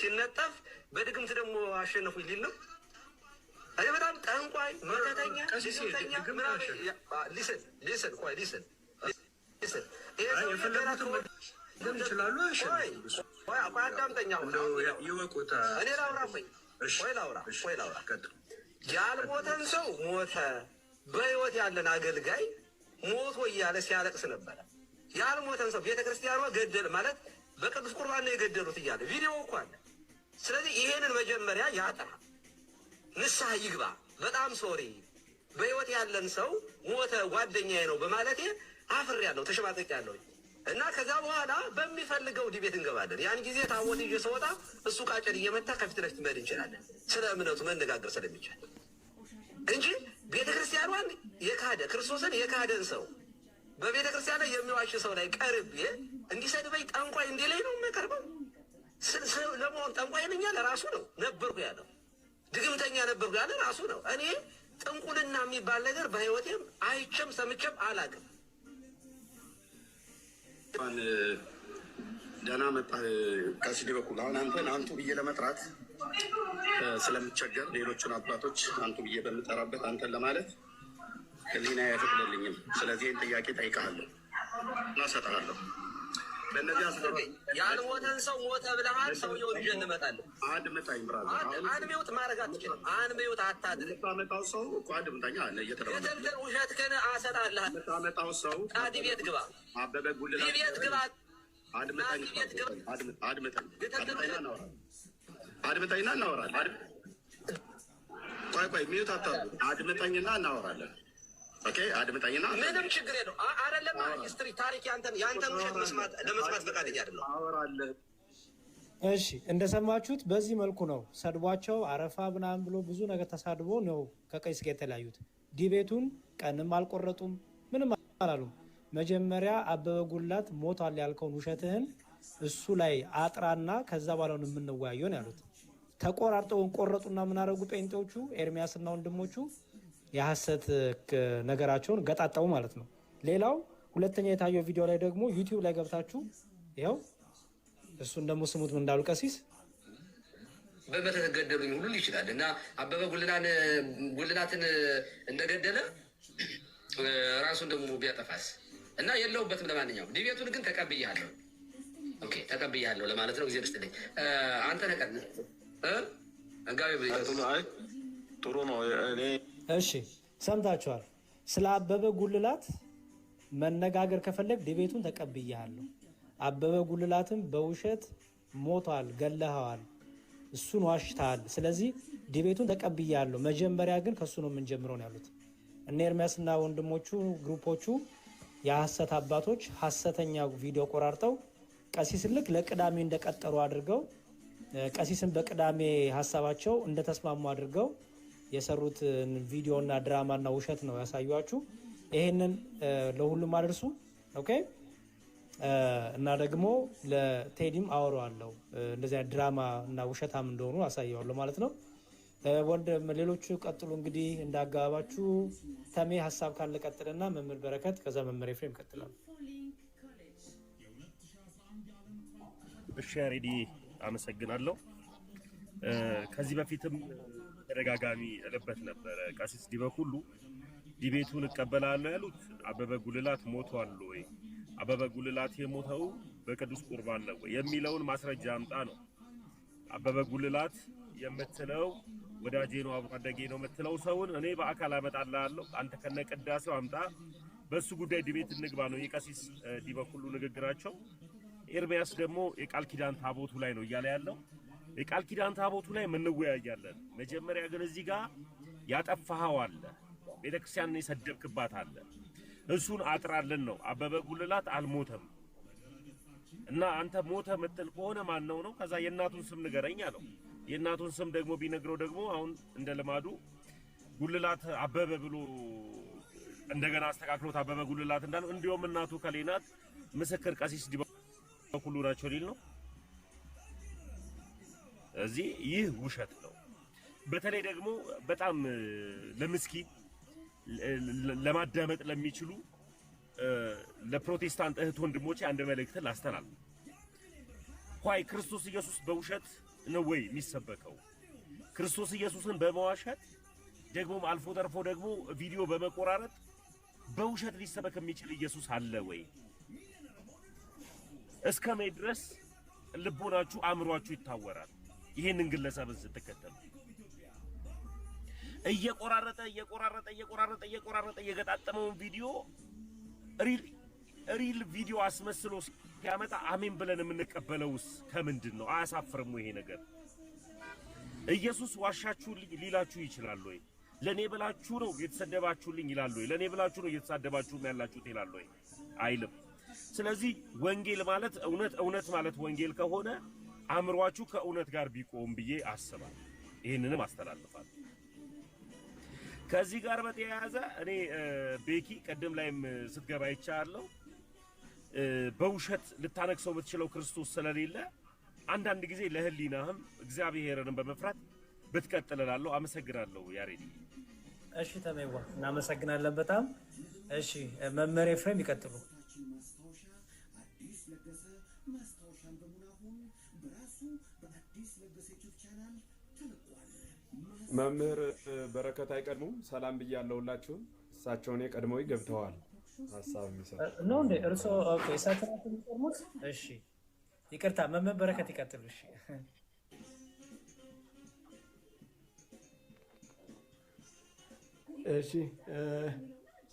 ሲነጠፍ በድግምት ደግሞ አሸነፉ ሊል ነው። እኔ በጣም ጠንቋይ መተተኛ ሲስተኛ ቆይ ሊስን ያልሞተን ሰው ሞተ በህይወት ያለን አገልጋይ ሞቶ እያለ ሲያለቅስ ነበረ። ያልሞተን ሰው ቤተክርስቲያኗ ገደል ማለት በቅዱስ ቁርባን ነው የገደሉት እያለ ቪዲዮ እኮ አለ። ስለዚህ ይሄንን መጀመሪያ ያጥራ፣ ንስሐ ይግባ። በጣም ሶሪ፣ በህይወት ያለን ሰው ሞተ ጓደኛዬ ነው ያለው አፍሬያለሁ፣ ያለው እና ከዛ በኋላ በሚፈልገው ዲቤት እንገባለን። ያን ጊዜ ታቦት ይዤ ስወጣ እሱ ቃጭል እየመታ ከፊት ለፊት መሄድ እንችላለን፣ ስለ እምነቱ መነጋገር ስለሚቻል እንጂ ቤተ ክርስቲያኗን የካደ ክርስቶስን የካደን ሰው በቤተ ክርስቲያን ላይ የሚዋሽ ሰው ላይ ቀርቤ እንዲሰድበኝ ጠንቋይ እንዲለኝ ነው የምቀርበው። ለመሆን ጠንቋይ ነኝ ያለ ራሱ ነው ነበርኩ ያለው ድግምተኛ ነበርኩ ያለ ራሱ ነው። እኔ ጥንቁልና የሚባል ነገር በህይወቴም አይቼም ሰምቼም አላውቅም። ደህና መጣ ከሲዲ በኩል አሁን አንተን አንቱ ብዬ ለመጥራት ስለምቸገር ሌሎቹን አባቶች አንቱ ብዬ በምጠራበት አንተን ለማለት ህሊና አይፈቅድልኝም። ስለዚህ ጥያቄ ጠይቀሃለሁ እና እሰጥሃለሁ። ያልሞተን ሰው ሞተ ብለሃል። ሰውየው ይዤ እንመጣለን። አድምጣኝ ማድረግ አትችልም። አንብዩት አታድርግ። የምታመጣው ሰው እኮ አድምጣኝ አለ እየተደረገ የምታመጣው ሰው ቤት ግባ፣ አበበ ጉልላ ቤት ግባ። አድምጣኝ፣ አድምጣኝ፣ እናወራለን ቆይ ቆይ አታድርግ እናወራለን ኦኬ አድምጠኝና ምንም ችግር የለው። አይደለም ሂስትሪ ታሪክ ያንተን የአንተን ውሸት ለመስማት ፈቃደኛ አይደለም። እሺ እንደሰማችሁት በዚህ መልኩ ነው ሰድቧቸው፣ አረፋ ምናምን ብሎ ብዙ ነገር ተሳድቦ ነው ከቀሲስ ጋር የተለያዩት። ዲቤቱን ቀንም አልቆረጡም፣ ምንም አላሉም። መጀመሪያ አበበ ጉላት ሞቷል ያልከውን ውሸትህን እሱ ላይ አጥራና ከዛ በኋላ ነው የምንወያየውን ያሉት። ተቆራርጠውን ቆረጡና ምናረጉ ጴንጤዎቹ ኤርሚያስና ወንድሞቹ የሐሰት ነገራቸውን ገጣጠሙ ማለት ነው። ሌላው ሁለተኛ የታየው ቪዲዮ ላይ ደግሞ ዩቲዩብ ላይ ገብታችሁ ይኸው እሱን ደግሞ ስሙት ምን እንዳሉ ቀሲስ ሁሉ ይችላል እና አበበ ጉልላትን እንደገደለ ራሱን ደግሞ ቢያጠፋስ እና የለውበትም። ለማንኛውም ዲቤቱን ግን ተቀብያለሁ ተቀብያለሁ ለማለት ነው። ጊዜ ስትልኝ አንተ ጋቢ ጥሩ ነው። እሺ ሰምታችኋል። ስለ አበበ ጉልላት መነጋገር ከፈለግ ዲቤቱን ተቀብያለሁ። አበበ ጉልላትም በውሸት ሞቷል፣ ገለኸዋል፣ እሱን ዋሽተሃል። ስለዚህ ዲቤቱን ተቀብያለሁ። መጀመሪያ ግን ከሱ ነው የምንጀምረው ነው ያሉት እነ ኤርሚያስና ወንድሞቹ ግሩፖቹ የሐሰት አባቶች ሐሰተኛ ቪዲዮ ቆራርጠው ቀሲስ ልክ ለቅዳሜ እንደቀጠሩ አድርገው ቀሲስን በቅዳሜ ሀሳባቸው እንደተስማሙ አድርገው የሰሩት ቪዲዮ እና ድራማ እና ውሸት ነው ያሳዩችሁ። ይሄንን ለሁሉም አድርሱ። ኦኬ እና ደግሞ ለቴዲም አወራዋለሁ እንደዚያ ድራማ እና ውሸታም እንደሆኑ አሳየዋለሁ ማለት ነው። ወንድም ሌሎቹ ቀጥሉ እንግዲህ እንዳጋባባችሁ። ተሜ ሀሳብ ካለ ቀጥልና መምህር በረከት፣ ከዛ መምህር ፍሬም ቀጥላል። እሺ ሬዲ አመሰግናለሁ። ከዚህ በፊትም ተደጋጋሚ እልበት ነበረ። ቀሲስ ዲበኩሉ ዲቤቱን እቀበላለሁ ያሉት አበበ ጉልላት ሞቷል ወይ አበበ ጉልላት የሞተው በቅዱስ ቁርባን ነው ወይ የሚለውን ማስረጃ አምጣ ነው። አበበ ጉልላት የምትለው ወዳጄ ነው አብሮ አደጌ ነው የምትለው ሰውን እኔ በአካል አመጣልሃለሁ፣ አንተ ከነቅዳሴው አምጣ፣ በሱ ጉዳይ ዲቤት እንግባ ነው የቀሲስ ዲበኩሉ ንግግራቸው። ኤርሚያስ ደግሞ የቃል ኪዳን ታቦቱ ላይ ነው እያለ ያለው የቃል ኪዳን ታቦቱ ላይ እንወያያለን። መጀመሪያ ግን እዚህ ጋር ያጠፋኸው አለ፣ ቤተክርስቲያንን የሰደብክባት አለ። እሱን አጥራለን ነው። አበበ ጉልላት አልሞተም እና አንተ ሞተ ምትል ከሆነ ማን ነው ነው? ከዛ የእናቱን ስም ንገረኝ አለው። የእናቱን ስም ደግሞ ቢነግረው ደግሞ አሁን እንደ ልማዱ ጉልላት አበበ ብሎ እንደገና አስተካክሎት አበበ ጉልላት እንዳለው እንዲሁም እናቱ ከሌናት ምስክር ቀሲስ ዲበኩሉ ናቸው ሊል ነው እዚህ ይህ ውሸት ነው። በተለይ ደግሞ በጣም ለምስኪን ለማዳመጥ ለሚችሉ ለፕሮቴስታንት እህት ወንድሞቼ አንድ መልእክት ላስተላል ኳይ ክርስቶስ ኢየሱስ በውሸት ነው ወይ የሚሰበከው? ክርስቶስ ኢየሱስን በመዋሸት ደግሞም አልፎ ተርፎ ደግሞ ቪዲዮ በመቆራረጥ በውሸት ሊሰበክ የሚችል ኢየሱስ አለ ወይ? እስከ መቼ ድረስ ልቦናችሁ አእምሯችሁ ይታወራል? ይሄንን ግለሰብን ስትከተል እየቆራረጠ እየቆራረጠ እየቆራረጠ እየቆራረጠ እየገጣጠመውን ቪዲዮ ሪል ሪል ቪዲዮ አስመስሎ ሲያመጣ አሜን ብለን የምንቀበለውስ ከምንድን ነው? አያሳፍርም ይሄ ነገር? ኢየሱስ ዋሻችሁልኝ ሊላችሁ ይችላል ወይ? ለኔ ብላችሁ ነው የተሰደባችሁልኝ ይላል ወይ? ለኔ ብላችሁ ነው እየተሳደባችሁም ያላችሁት ይላል ወይ? አይልም። ስለዚህ ወንጌል ማለት እውነት እውነት ማለት ወንጌል ከሆነ አእምሯችሁ ከእውነት ጋር ቢቆም ብዬ አስባለሁ። ይህንንም አስተላልፋል። ከዚህ ጋር በተያያዘ እኔ ቤኪ ቅድም ላይም ስትገባ ይቻለሁ በውሸት ልታነግሰው የምትችለው ክርስቶስ ስለሌለ አንዳንድ ጊዜ ለህሊናህም እግዚአብሔርንም በመፍራት ብትቀጥልላለሁ። አመሰግናለሁ ያሬድ። እሺ ተሜዋ፣ እናመሰግናለን በጣም እሺ። መመሪያ ፍሬም ይቀጥሉ። መምህር በረከት አይቀድሙም። ሰላም ብያለሁ ሁላችሁም። እሳቸው እኔ ቀድመው ገብተዋል። ሀሳብ ነው እንዴ? እርስዎ እሳቸው የሚቀድሙት? እሺ ይቅርታ፣ መምህር በረከት ይቀጥሉ። እሺ እሺ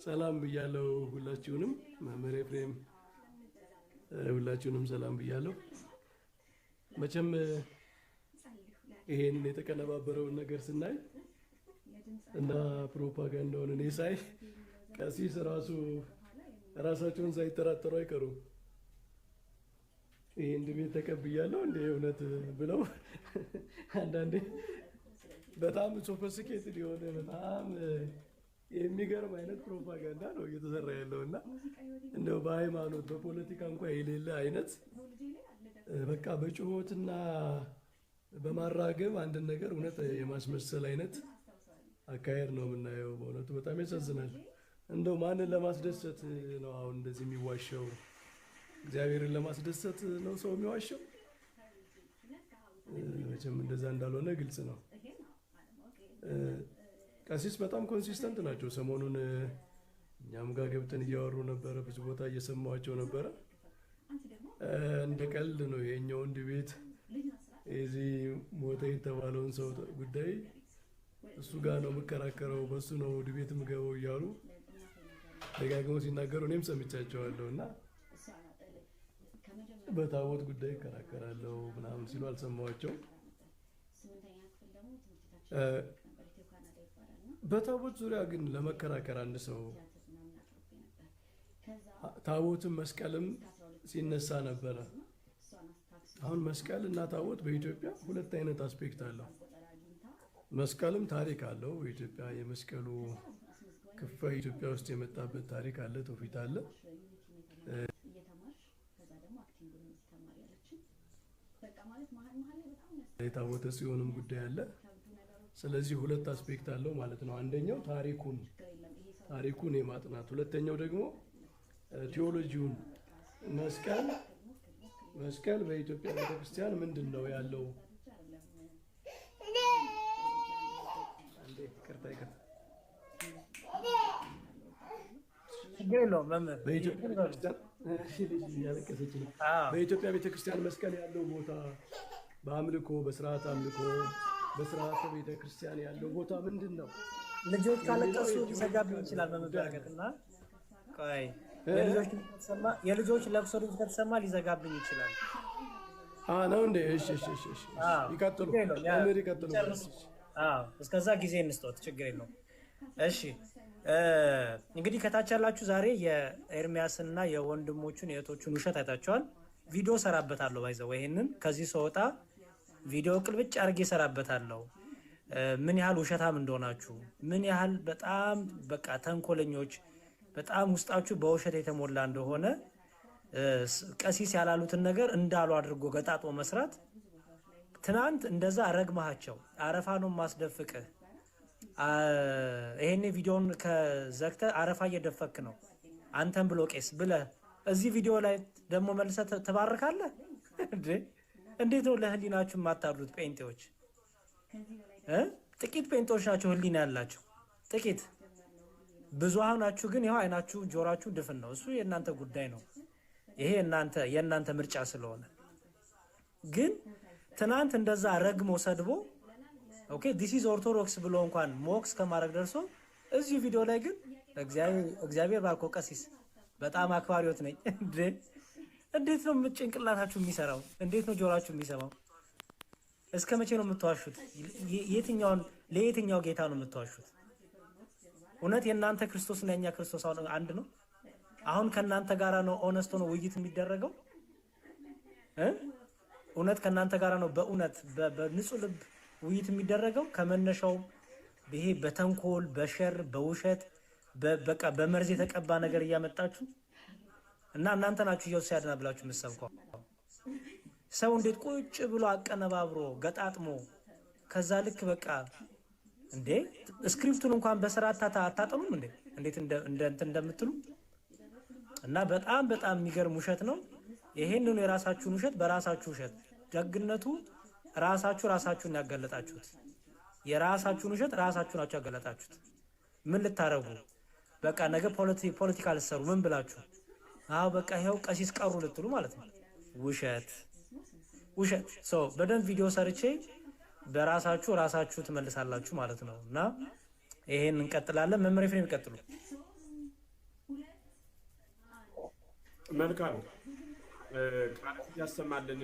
ሰላም ብያለሁ ሁላችሁንም። መምህር ኤፍሬም ሁላችሁንም ሰላም ብያለሁ መቼም ይሄን የተቀነባበረውን ነገር ስናይ እና ፕሮፓጋንዳውን እኔ ሳይ ቀሲስ ራሱ ራሳቸውን ሳይጠራጠሩ አይቀሩም። ይሄ እንድ ተቀብያለሁ እንደ እውነት ብለው አንዳንዴ በጣም ሶፈስኬትድ የሆነ በጣም የሚገርም አይነት ፕሮፓጋንዳ ነው እየተሰራ ያለው እና እንደው በሃይማኖት በፖለቲካ እንኳ የሌለ አይነት በቃ በጩኸትና በማራገብ አንድን ነገር እውነት የማስመሰል አይነት አካሄድ ነው የምናየው። በእውነቱ በጣም ያሳዝናል። እንደው ማንን ለማስደሰት ነው አሁን እንደዚህ የሚዋሸው? እግዚአብሔርን ለማስደሰት ነው ሰው የሚዋሸው? መቼም እንደዛ እንዳልሆነ ግልጽ ነው። ቀሲስ በጣም ኮንሲስተንት ናቸው። ሰሞኑን እኛም ጋር ገብተን እያወሩ ነበረ፣ ብዙ ቦታ እየሰማኋቸው ነበረ። እንደ ቀልድ ነው የኛው እንድ ቤት የዚህ ሞተ የተባለውን ሰው ጉዳይ እሱ ጋር ነው የምከራከረው፣ በእሱ ነው ድቤት የምገበው እያሉ ደጋግመው ሲናገሩ እኔም ሰምቻቸዋለሁ። እና በታቦት ጉዳይ እከራከራለሁ ምናምን ሲሉ አልሰማኋቸው። በታቦት ዙሪያ ግን ለመከራከር አንድ ሰው ታቦትን መስቀልም ሲነሳ ነበረ አሁን መስቀል እና ታቦት በኢትዮጵያ ሁለት አይነት አስፔክት አለው። መስቀልም ታሪክ አለው። በኢትዮጵያ የመስቀሉ ክፈ ኢትዮጵያ ውስጥ የመጣበት ታሪክ አለ፣ ትውፊት አለ። የታቦተ ጽዮንም ጉዳይ አለ። ስለዚህ ሁለት አስፔክት አለው ማለት ነው። አንደኛው ታሪኩን ታሪኩን የማጥናት ሁለተኛው ደግሞ ቴዎሎጂውን መስቀል መስቀል በኢትዮጵያ ቤተክርስቲያን ምንድን ነው ያለው? በኢትዮጵያ ቤተክርስቲያን መስቀል ያለው ቦታ በአምልኮ በስርዓት አምልኮ በስርዓተ ቤተክርስቲያን ያለው ቦታ ምንድን ነው? ልጆች ካለቀሱ ሊሰጋብ ይችላል። በመጋገጥ እና ቆይ የልጆች ለቅሶ ድምፅ ከተሰማ ሊዘጋብኝ ይችላል ነው እንደ ይቀጥሉ፣ አሚር ይቀጥሉ። እስከዛ ጊዜ እንስጦት፣ ችግር የለውም። እሺ እንግዲህ ከታች ያላችሁ ዛሬ የኤርሚያስና የወንድሞቹን የእህቶቹን ውሸት አይታችኋል። ቪዲዮ ሰራበታለሁ፣ ባይዘው ይሄንን ከዚህ ሰወጣ ቪዲዮ ቅልብጭ አድርጌ ሰራበታለሁ። ምን ያህል ውሸታም እንደሆናችሁ፣ ምን ያህል በጣም በቃ ተንኮለኞች በጣም ውስጣችሁ በውሸት የተሞላ እንደሆነ ቀሲስ ያላሉትን ነገር እንዳሉ አድርጎ ገጣጦ መስራት። ትናንት እንደዛ ረግመሃቸው አረፋ ነው ማስደፍቅህ። ይሄኔ ቪዲዮን ከዘግተ አረፋ እየደፈክ ነው አንተን ብሎ ቄስ ብለ እዚህ ቪዲዮ ላይ ደግሞ መልሰ ትባርካለህ። እንዴት ነው ለህሊናችሁ የማታሉት ጴንጤዎች ጥቂት ጴንጤዎች ናቸው ህሊና ያላቸው ጥቂት ብዙሃናችሁ ግን ይኸው አይናችሁ ጆሯችሁ ድፍን ነው። እሱ የእናንተ ጉዳይ ነው። ይሄ የእናንተ ምርጫ ስለሆነ ግን ትናንት እንደዛ ረግሞ ሰድቦ ኦኬ ዲስ ኢዝ ኦርቶዶክስ ብሎ እንኳን ሞክስ ከማድረግ ደርሶ እዚሁ ቪዲዮ ላይ ግን እግዚአብሔር ባርኮ ቀሲስ በጣም አክባሪዎት ነኝ። እንዴት ነው ጭንቅላታችሁ የሚሰራው? እንዴት ነው ጆሯችሁ የሚሰማው? እስከ መቼ ነው የምትዋሹት? የትኛውን ለየትኛው ጌታ ነው የምትዋሹት? እውነት የእናንተ ክርስቶስ እና የኛ ክርስቶስ አሁን አንድ ነው? አሁን ከእናንተ ጋራ ነው ኦነስቶ ነው ውይይት የሚደረገው እውነት ከእናንተ ጋራ ነው በእውነት በንጹህ ልብ ውይይት የሚደረገው ከመነሻው ይሄ በተንኮል በሸር በውሸት በቃ በመርዝ የተቀባ ነገር እያመጣችሁ እና እናንተ ናችሁ እየወሰ ያድና ብላችሁ የምትሰብከው ሰው እንዴት ቁጭ ብሎ አቀነባብሮ ገጣጥሞ ከዛ ልክ በቃ እንዴ ስክሪፕቱን እንኳን በስርዓት አታጠኑም እንዴ? እንዴት እንደምትሉ እና በጣም በጣም የሚገርም ውሸት ነው። ይሄንን የራሳችሁን ውሸት በራሳችሁ ውሸት ደግነቱ ራሳችሁ ራሳችሁን ያጋለጣችሁት የራሳችሁን ውሸት ራሳችሁ ናችሁ ያጋለጣችሁት። ምን ልታረጉ በቃ ነገ ፖለቲካ ልትሰሩ ምን ብላችሁ አዎ በቃ ይኸው ቀሲስ ቀሩ ልትሉ ማለት ነው። ውሸት ውሸት። በደንብ ቪዲዮ ሰርቼ በራሳችሁ ራሳችሁ ትመልሳላችሁ ማለት ነው። እና ይሄን እንቀጥላለን። መምህር ኤፍሬም ይቀጥሉ። መልካም ቃል ያሰማልን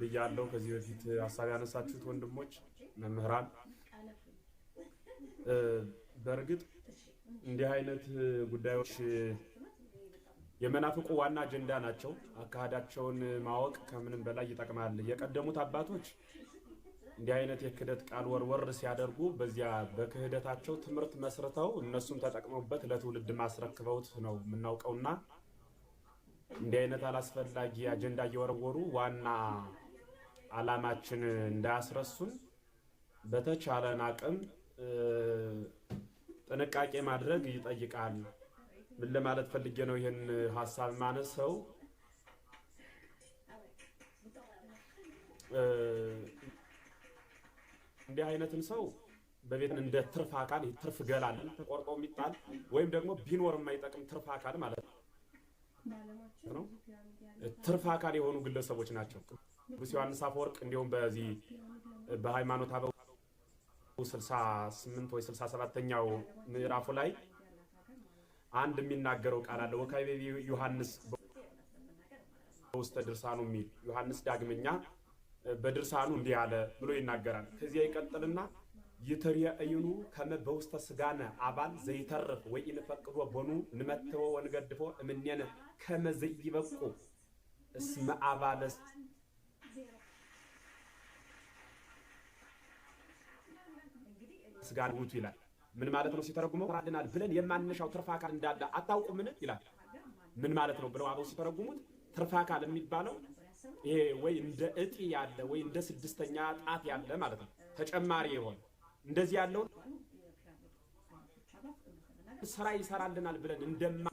ብያለሁ። ከዚህ በፊት ሀሳብ ያነሳችሁት ወንድሞች መምህራን፣ በእርግጥ እንዲህ አይነት ጉዳዮች የመናፍቁ ዋና አጀንዳ ናቸው። አካሄዳቸውን ማወቅ ከምንም በላይ ይጠቅማል። የቀደሙት አባቶች እንዲህ አይነት የክህደት ቃል ወርወር ሲያደርጉ በዚያ በክህደታቸው ትምህርት መስርተው እነሱም ተጠቅመውበት ለትውልድ ማስረክበውት ነው የምናውቀውና እንዲህ አይነት አላስፈላጊ አጀንዳ እየወረወሩ ዋና አላማችን እንዳያስረሱን በተቻለን አቅም ጥንቃቄ ማድረግ ይጠይቃል። ምን ለማለት ፈልጌ ነው ይህን ሀሳብ ማነሰው? እንዲህ አይነትን ሰው በቤት እንደ ትርፍ አካል ትርፍ ገላል ተቆርጦ የሚጣል ወይም ደግሞ ቢኖር የማይጠቅም ትርፍ አካል ማለት ነው። ትርፍ አካል የሆኑ ግለሰቦች ናቸው። ቅዱስ ዮሐንስ አፈወርቅ እንዲሁም በዚህ በሃይማኖት አበው 68 ወይ 67ኛው ምዕራፉ ላይ አንድ የሚናገረው ቃል አለ። ወካይ ቤቢ ዮሐንስ በውስተ ድርሳኑ የሚል ዮሐንስ ዳግመኛ በድርሳኑ እንዲህ አለ ብሎ ይናገራል። ከዚያ ይቀጥልና ይትርእይኑ ከመ በውስተ ስጋነ አባል ዘይተርፍ ወይ ንፈቅዶ በኑ ንመትቦ ወንገድፎ እምኔነ ከመ ዘይበቁ እስመ አባለስ ስጋን ውቱ ይላል። ምን ማለት ነው ሲተረጉመው ራድናል ብለን የማንሻው ትርፍ አካል እንዳለ አታውቁምን ይላል። ምን ማለት ነው ብለው አበው ሲተረጉሙት ትርፍ አካል የሚባለው ይሄ ወይ እንደ እጢ ያለ ወይ እንደ ስድስተኛ ጣት ያለ ማለት ነው። ተጨማሪ የሆነ እንደዚህ ያለውን ስራ ይሰራልናል ብለን እንደማ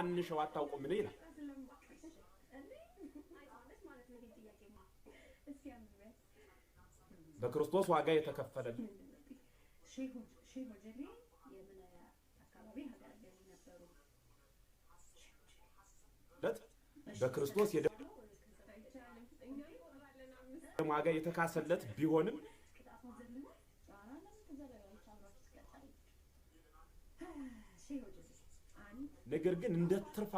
አንሸው አታውቁምን ይላል። በክርስቶስ ዋጋ የተከፈለልን ሼህ ሆጀሌ በክርስቶስ የደም ዋጋ የተካሰለት ቢሆንም ነገር ግን እንደ ትርፋ